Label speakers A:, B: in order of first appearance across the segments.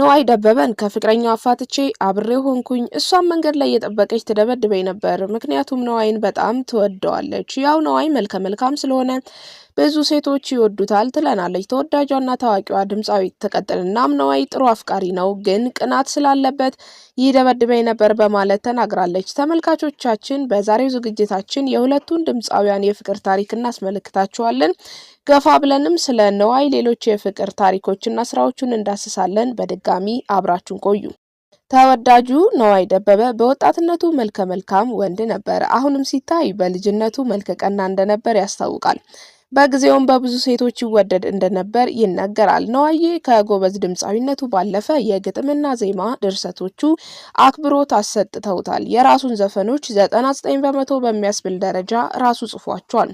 A: ነዋይ ደበበን ከፍቅረኛው አፋትቼ አብሬ ሆንኩኝ። እሷን መንገድ ላይ የጠበቀች ትደበድበኝ ነበር፣ ምክንያቱም ነዋይን በጣም ትወደዋለች። ያው ነዋይ መልከ መልካም ስለሆነ ብዙ ሴቶች ይወዱታል ትለናለች። ተወዳጇና ታዋቂዋ ድምፃዊት ትቀጥልናም ነዋይ ጥሩ አፍቃሪ ነው፣ ግን ቅናት ስላለበት ይደበድበኝ ነበር በማለት ተናግራለች። ተመልካቾቻችን በዛሬው ዝግጅታችን የሁለቱን ድምፃዊያን የፍቅር ታሪክ እናስመለክታችኋለን። ገፋ ብለንም ስለ ነዋይ ሌሎች የፍቅር ታሪኮችና ስራዎቹን እንዳስሳለን። በድጋሚ አብራችን ቆዩ። ተወዳጁ ነዋይ ደበበ በወጣትነቱ መልከ መልካም ወንድ ነበር። አሁንም ሲታይ በልጅነቱ መልከ ቀና እንደነበር ያስታውቃል። በጊዜውም በብዙ ሴቶች ይወደድ እንደነበር ይነገራል። ነዋዬ ከጎበዝ ድምፃዊነቱ ባለፈ የግጥምና ዜማ ድርሰቶቹ አክብሮት አሰጥተውታል። የራሱን ዘፈኖች 99 በመቶ በሚያስብል ደረጃ ራሱ ጽፏቸዋል።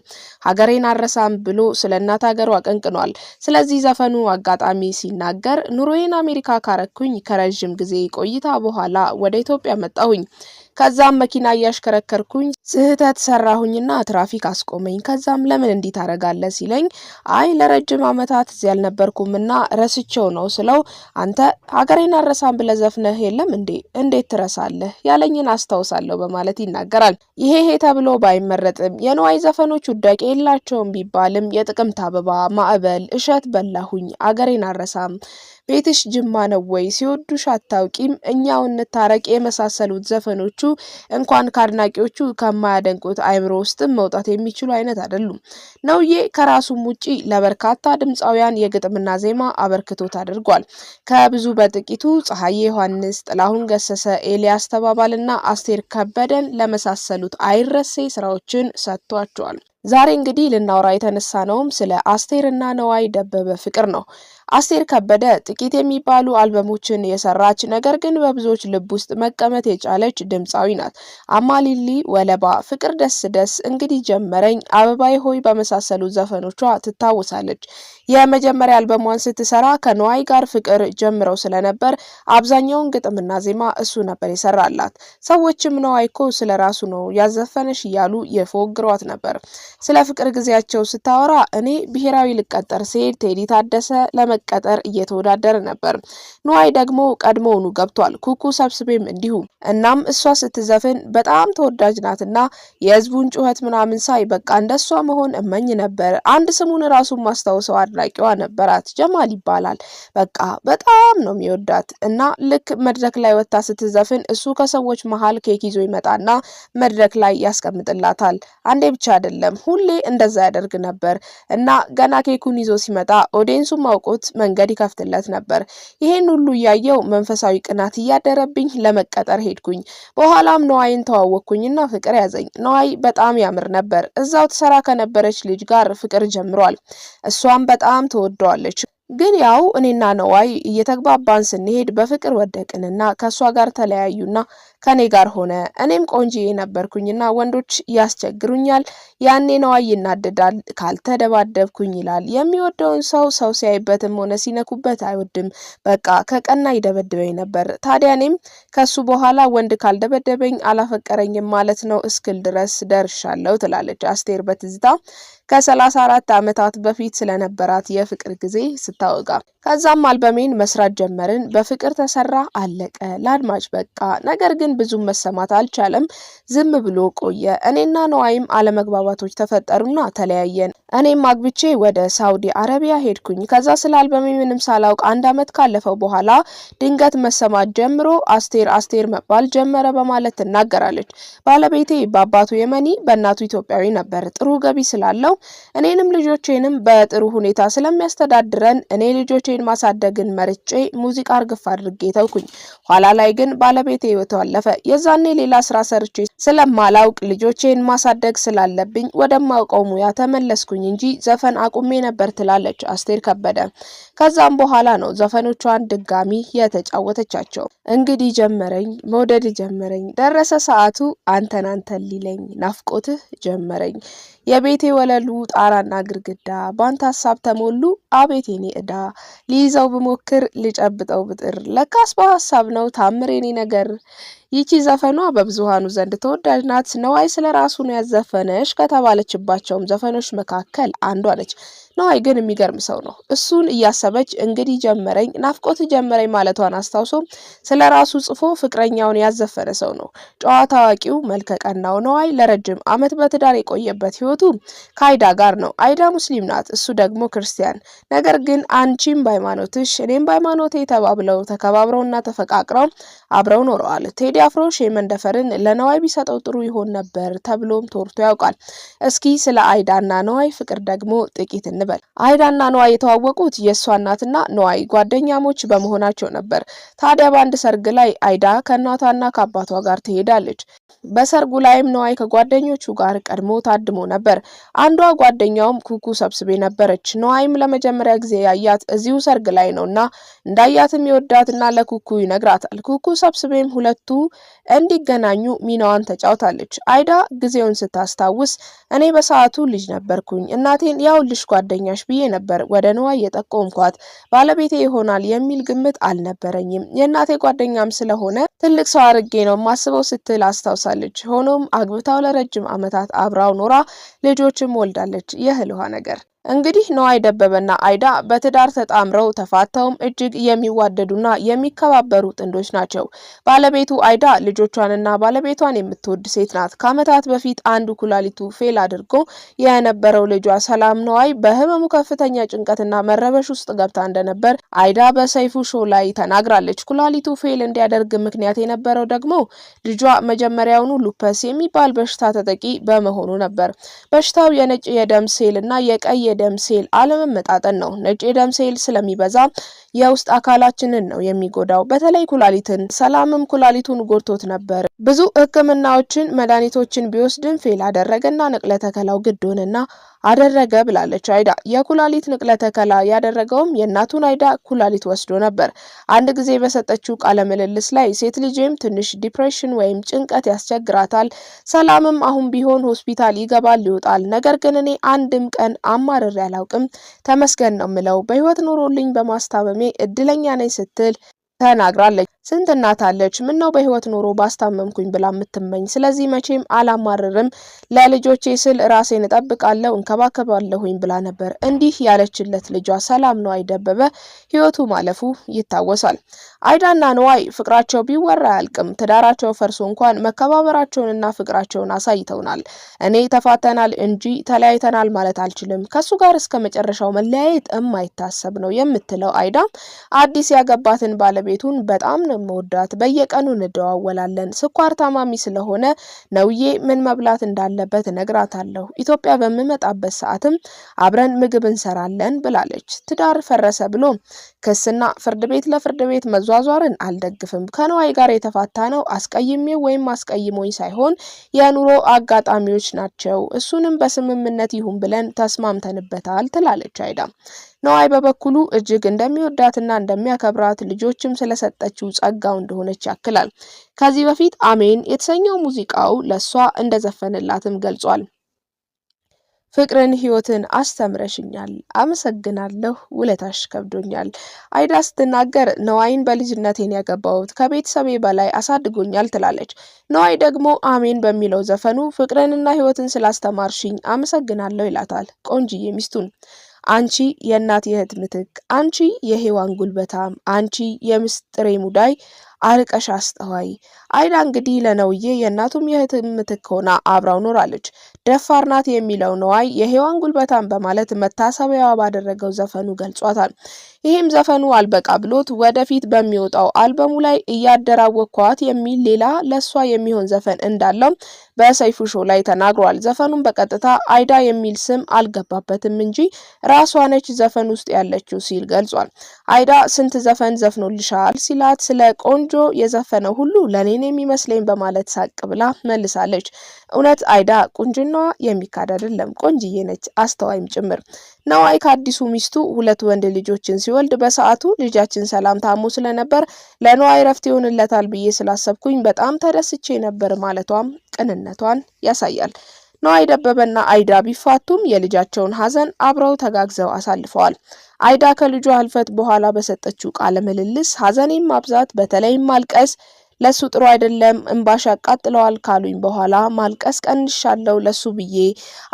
A: ሀገሬን አረሳም ብሎ ስለ እናት ሀገሩ አቀንቅኗል። ስለዚህ ዘፈኑ አጋጣሚ ሲናገር ኑሮዬን አሜሪካ ካረኩኝ ከረዥም ጊዜ ቆይታ በኋላ ወደ ኢትዮጵያ መጣሁኝ ከዛም መኪና እያሽከረከርኩኝ ስህተት ሰራሁኝና ትራፊክ አስቆመኝ። ከዛም ለምን እንዲህ ታደርጋለህ ሲለኝ አይ ለረጅም ዓመታት እዚህ አልነበርኩም እና ነው ስለው አንተ ሀገሬን አረሳም ብለህ ዘፍነህ የለም እንዴ እንዴት ትረሳለህ? ያለኝን አስታውሳለሁ በማለት ይናገራል። ይሄ ሄ ተብሎ ባይመረጥም የንዋይ ዘፈኖች ውዳቂ የላቸውም ቢባልም የጥቅምት አበባ፣ ማዕበል፣ እሸት በላሁኝ፣ አገሬን አረሳም፣ ቤትሽ ጅማ ነው ወይ፣ ሲወዱሽ አታውቂም፣ እኛው እንታረቅ የመሳሰሉት ዘፈኖቹ እንኳን ከአድናቂዎቹ ከማያደንቁት አይምሮ ውስጥም መውጣት የሚችሉ አይነት አይደሉም። ነውዬ ከራሱም ውጪ ለበርካታ ድምፃውያን የግጥምና ዜማ አበርክቶት አድርጓል። ከብዙ በጥቂቱ ፀሐዬ ዮሐንስ፣ ጥላሁን ገሰሰ፣ ኤልያስ ተባባልና አስቴር ከበደን ለመሳሰሉት አይረሴ ስራዎችን ሰጥቷቸዋል። ዛሬ እንግዲህ ልናወራ የተነሳ ነውም ስለ አስቴርና ነዋይ ደበበ ፍቅር ነው። አስቴር ከበደ ጥቂት የሚባሉ አልበሞችን የሰራች ነገር ግን በብዙዎች ልብ ውስጥ መቀመጥ የቻለች ድምፃዊ ናት። አማሊሊ፣ ወለባ፣ ፍቅር ደስ ደስ፣ እንግዲህ ጀመረኝ፣ አበባዬ ሆይ በመሳሰሉ ዘፈኖቿ ትታወሳለች። የመጀመሪያ አልበሟን ስትሰራ ከነዋይ ጋር ፍቅር ጀምረው ስለነበር አብዛኛውን ግጥምና ዜማ እሱ ነበር የሰራላት። ሰዎችም ነዋይ እኮ ስለ ራሱ ነው ያዘፈነሽ እያሉ የፎግሯት ነበር። ስለ ፍቅር ጊዜያቸው ስታወራ እኔ ብሔራዊ ልቀጠር ሲሄድ ቴዲ ታደሰ ለመቀጠር እየተወዳደረ ነበር። ንዋይ ደግሞ ቀድሞውኑ ገብቷል። ኩኩ ሰብስቤም እንዲሁ። እናም እሷ ስትዘፍን በጣም ተወዳጅ ናትና የህዝቡን ጩኸት ምናምን ሳይ በቃ እንደሷ መሆን እመኝ ነበር። አንድ ስሙን ራሱን ማስታውሰው አድናቂዋ ነበራት፣ ጀማል ይባላል። በቃ በጣም ነው የሚወዳት እና ልክ መድረክ ላይ ወጥታ ስትዘፍን እሱ ከሰዎች መሀል ኬክ ይዞ ይመጣና መድረክ ላይ ያስቀምጥላታል። አንዴ ብቻ አይደለም ሁሌ እንደዛ ያደርግ ነበር እና ገና ኬኩን ይዞ ሲመጣ ኦዲየንሱም አውቆት መንገድ ይከፍትለት ነበር። ይሄን ሁሉ እያየው መንፈሳዊ ቅናት እያደረብኝ ለመቀጠር ሄድኩኝ። በኋላም ነዋይን ተዋወቅኩኝና ፍቅር ያዘኝ። ነዋይ በጣም ያምር ነበር። እዛው ትሰራ ከነበረች ልጅ ጋር ፍቅር ጀምሯል። እሷም በጣም ተወደዋለች። ግን ያው እኔና ነዋይ እየተግባባን ስንሄድ በፍቅር ወደቅንና ከእሷ ጋር ተለያዩና ከኔ ጋር ሆነ። እኔም ቆንጂዬ ነበርኩኝና ወንዶች ያስቸግሩኛል። ያኔ ነዋ ይናደዳል። ካልተደባደብኩኝ ይላል። የሚወደውን ሰው ሰው ሲያይበትም ሆነ ሲነኩበት አይወድም። በቃ ከቀና ይደበድበኝ ነበር። ታዲያ እኔም ከሱ በኋላ ወንድ ካልደበደበኝ አላፈቀረኝም ማለት ነው እስክል ድረስ ደርሻለሁ ትላለች አስቴር በትዝታ ከሰላሳ አራት ዓመታት በፊት ስለነበራት የፍቅር ጊዜ ስታወጋ። ከዛም አልበሜን መስራት ጀመርን። በፍቅር ተሰራ አለቀ፣ ለአድማጭ በቃ። ነገር ግን ግን ብዙም መሰማት አልቻለም። ዝም ብሎ ቆየ። እኔና ነዋይም አለመግባባቶች ተፈጠሩና ተለያየን። እኔም አግብቼ ወደ ሳውዲ አረቢያ ሄድኩኝ። ከዛ ስለ አልበሜ ምንም ሳላውቅ አንድ አመት ካለፈው በኋላ ድንገት መሰማት ጀምሮ አስቴር አስቴር መባል ጀመረ በማለት ትናገራለች። ባለቤቴ በአባቱ የመኒ በእናቱ ኢትዮጵያዊ ነበር። ጥሩ ገቢ ስላለው እኔንም ልጆቼንም በጥሩ ሁኔታ ስለሚያስተዳድረን እኔ ልጆቼን ማሳደግን መርጬ ሙዚቃ እርግፍ አድርጌ ተውኩኝ። ኋላ ላይ ግን ባለቤቴ ህይወቷን አለፈ። የዛኔ ሌላ ስራ ሰርቼ ስለማላውቅ ልጆቼን ማሳደግ ስላለብኝ ወደማውቀው ሙያ ተመለስኩኝ እንጂ ዘፈን አቁሜ ነበር ትላለች አስቴር ከበደ። ከዛም በኋላ ነው ዘፈኖቿን ድጋሚ የተጫወተቻቸው። እንግዲህ ጀመረኝ መውደድ ጀመረኝ፣ ደረሰ ሰዓቱ አንተን አንተን ሊለኝ፣ ናፍቆትህ ጀመረኝ የቤቴ ወለሉ ጣራና ግድግዳ ባንተ ሀሳብ ተሞሉ አቤት የኔ እዳ ሊይዘው ብሞክር ልጨብጠው ብጥር ለካስ በሀሳብ ነው ታምር የኔ ነገር። ይቺ ዘፈኗ በብዙሃኑ ዘንድ ተወዳጅ ናት። ነዋይ ስለ ራሱ ነው ያዘፈነሽ ከተባለችባቸውም ዘፈኖች መካከል አንዷ ነች። ነዋይ ግን የሚገርም ሰው ነው። እሱን እያሰበች እንግዲህ ጀመረኝ ናፍቆት ጀመረኝ ማለቷን አስታውሶ ስለ ራሱ ጽፎ ፍቅረኛውን ያዘፈነ ሰው ነው። ጨዋ ታዋቂው መልከ ቀናው ነዋይ ለረጅም ዓመት በትዳር የቆየበት ህይወቱ ከአይዳ ጋር ነው። አይዳ ሙስሊም ናት፣ እሱ ደግሞ ክርስቲያን። ነገር ግን አንቺም በሃይማኖትሽ እኔም በሃይማኖቴ ተባብለው ተከባብረውና ተፈቃቅረው አብረው ኖረዋል። ቴዲ አፍሮ ሼመን ደፈርን ለነዋይ ቢሰጠው ጥሩ ይሆን ነበር ተብሎም ተወርቶ ያውቃል። እስኪ ስለ አይዳና ነዋይ ፍቅር ደግሞ ጥቂት እንበል። አይዳና ነዋይ የተዋወቁት የእሷ እናትና ነዋይ ጓደኛሞች በመሆናቸው ነበር። ታዲያ በአንድ ሰርግ ላይ አይዳ ከእናቷና ከአባቷ ጋር ትሄዳለች። በሰርጉ ላይም ነዋይ ከጓደኞቹ ጋር ቀድሞ ታድሞ ነበር። አንዷ ጓደኛውም ኩኩ ሰብስቤ ነበረች። ነዋይም ለመጀመሪያ ጊዜ ያያት እዚሁ ሰርግ ላይ ነው እና እንዳያትም ይወዳትና ለኩኩ ይነግራታል። ኩኩ ሰብስቤም ሁለቱ እንዲገናኙ ሚናዋን ተጫውታለች። አይዳ ጊዜውን ስታስታውስ እኔ በሰዓቱ ልጅ ነበርኩኝ። እናቴን ልጅ ጓደኛሽ ብዬ ነበር ወደ ንዋይ የጠቆምኳት። ባለቤቴ ይሆናል የሚል ግምት አልነበረኝም። የእናቴ ጓደኛም ስለሆነ ትልቅ ሰው አርጌ ነው ማስበው ስትል አስታውሳለች። ሆኖም አግብታው ለረጅም ዓመታት አብራው ኖራ ልጆችም ወልዳለች። የህልዋ ነገር እንግዲህ ነዋይ ደበበና አይዳ በትዳር ተጣምረው ተፋተውም እጅግ የሚዋደዱና የሚከባበሩ ጥንዶች ናቸው። ባለቤቱ አይዳ ልጆቿንና ባለቤቷን የምትወድ ሴት ናት። ከዓመታት በፊት አንዱ ኩላሊቱ ፌል አድርጎ የነበረው ልጇ ሰላም ነዋይ በህመሙ ከፍተኛ ጭንቀትና መረበሽ ውስጥ ገብታ እንደነበር አይዳ በሰይፉ ሾው ላይ ተናግራለች። ኩላሊቱ ፌል እንዲያደርግ ምክንያት የነበረው ደግሞ ልጇ መጀመሪያውኑ ሉፐስ የሚባል በሽታ ተጠቂ በመሆኑ ነበር። በሽታው የነጭ የደም ሴል እና የቀይ የደም ሴል አለመመጣጠን ነው። ነጭ የደም ሴል ስለሚበዛ የውስጥ አካላችንን ነው የሚጎዳው፣ በተለይ ኩላሊትን። ሰላምም ኩላሊቱን ጎድቶት ነበር። ብዙ ህክምናዎችን መድኃኒቶችን ቢወስድም ፌል አደረገና ንቅለ ተከላው ግድ ሆነና አደረገ ብላለች አይዳ። የኩላሊት ንቅለ ተከላ ያደረገውም የእናቱን አይዳ ኩላሊት ወስዶ ነበር። አንድ ጊዜ በሰጠችው ቃለ ምልልስ ላይ ሴት ልጅም ትንሽ ዲፕሬሽን ወይም ጭንቀት ያስቸግራታል፣ ሰላምም አሁን ቢሆን ሆስፒታል ይገባል ይወጣል፣ ነገር ግን እኔ አንድም ቀን አማርሬ አላውቅም፣ ተመስገን ነው ምለው፣ በህይወት ኑሮልኝ በማስታመሜ እድለኛ ነኝ ስትል ተናግራለች። ስንት እናት አለች፣ ነው በህይወት ኖሮ ባስታመምኩኝ ብላ የምትመኝ። ስለዚህ መቼም አላማርርም፣ ለልጆቼ ስል ራሴን እጠብቃለሁ፣ እንከባከባለሁኝ ብላ ነበር። እንዲህ ያለችለት ልጇ ሰላም ነው አይደበበ ህይወቱ ማለፉ ይታወሳል። አይዳና ነዋይ ፍቅራቸው ቢወራ አያልቅም። ትዳራቸው ፈርሶ እንኳን መከባበራቸውንና ፍቅራቸውን አሳይተውናል። እኔ ተፋተናል እንጂ ተለያይተናል ማለት አልችልም፣ ከሱ ጋር እስከ መጨረሻው መለያየት የማይታሰብ ነው የምትለው አይዳ አዲስ ያገባትን ባለቤት ባለቤቱን በጣም ነው የምወዳት፣ በየቀኑ እንደዋወላለን። ስኳር ታማሚ ስለሆነ ነውዬ ምን መብላት እንዳለበት እነግራታለሁ። ኢትዮጵያ በምመጣበት ሰዓትም አብረን ምግብ እንሰራለን ብላለች። ትዳር ፈረሰ ብሎ ክስና ፍርድ ቤት ለፍርድ ቤት መዟዟርን አልደግፍም። ከነዋይ ጋር የተፋታ ነው አስቀይሜ ወይም አስቀይሞኝ ሳይሆን የኑሮ አጋጣሚዎች ናቸው። እሱንም በስምምነት ይሁን ብለን ተስማምተንበታል ትላለች አይዳ። ነዋይ በበኩሉ እጅግ እንደሚወዳትና እንደሚያከብራት ልጆችም ስለሰጠችው ጸጋው እንደሆነች ያክላል። ከዚህ በፊት አሜን የተሰኘው ሙዚቃው ለእሷ እንደዘፈንላትም ገልጿል። ፍቅርን ህይወትን አስተምረሽኛል፣ አመሰግናለሁ፣ ውለታሽ ከብዶኛል። አይዳ ስትናገር ነዋይን በልጅነቴን ያገባሁት ከቤተሰቤ በላይ አሳድጎኛል ትላለች። ነዋይ ደግሞ አሜን በሚለው ዘፈኑ ፍቅርንና ህይወትን ስላስተማርሽኝ አመሰግናለሁ ይላታል ቆንጅዬ ሚስቱን አንቺ የእናት የህት ምትክ፣ አንቺ የሔዋን ጉልበታም፣ አንቺ የምስጥሬ ሙዳይ አርቀሽ አስተዋይ። አይዳ እንግዲህ ለነውዬ የእናቱም የእህት ምትክ ሆና አብራው ኖራለች። ደፋር ናት የሚለው ነዋይ የሔዋን ጉልበታም በማለት መታሰቢያዋ ባደረገው ዘፈኑ ገልጿታል። ይህም ዘፈኑ አልበቃ ብሎት ወደፊት በሚወጣው አልበሙ ላይ እያደራወኳት የሚል ሌላ ለእሷ የሚሆን ዘፈን እንዳለው በሰይፉ ሾ ላይ ተናግሯል። ዘፈኑን በቀጥታ አይዳ የሚል ስም አልገባበትም እንጂ ራሷ ነች ዘፈን ውስጥ ያለችው ሲል ገልጿል። አይዳ ስንት ዘፈን ዘፍኖልሻል ሲላት ስለ ቆንጆ የዘፈነ ሁሉ ለኔን የሚመስለኝ በማለት ሳቅ ብላ መልሳለች። እውነት አይዳ ቁንጅና የሚካድ አይደለም፣ ቆንጅዬ ነች፣ አስተዋይም ጭምር። ነዋይ ከአዲሱ ሚስቱ ሁለት ወንድ ልጆችን ሲወልድ በሰዓቱ ልጃችን ሰላም ታሞ ስለነበር ለነዋይ ረፍት ይሆንለታል ብዬ ስላሰብኩኝ በጣም ተደስቼ ነበር ማለቷም ቅንነቷን ያሳያል። ነዋይ ደበበና አይዳ ቢፋቱም የልጃቸውን ሀዘን አብረው ተጋግዘው አሳልፈዋል። አይዳ ከልጇ አልፈት በኋላ በሰጠችው ቃለ ምልልስ ሐዘኔን ማብዛት፣ በተለይም ማልቀስ ለሱ ጥሩ አይደለም፣ እንባሽ ያቃጥለዋል ካሉኝ በኋላ ማልቀስ ቀንሻለው ለሱ ብዬ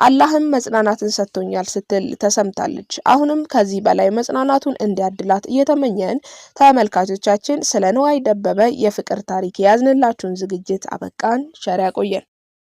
A: አላህም መጽናናትን ሰጥቶኛል ስትል ተሰምታለች። አሁንም ከዚህ በላይ መጽናናቱን እንዲያድላት እየተመኘን ተመልካቾቻችን ስለ ነዋይ ደበበ የፍቅር ታሪክ የያዝንላችሁን ዝግጅት አበቃን። ሸር ያቆየን።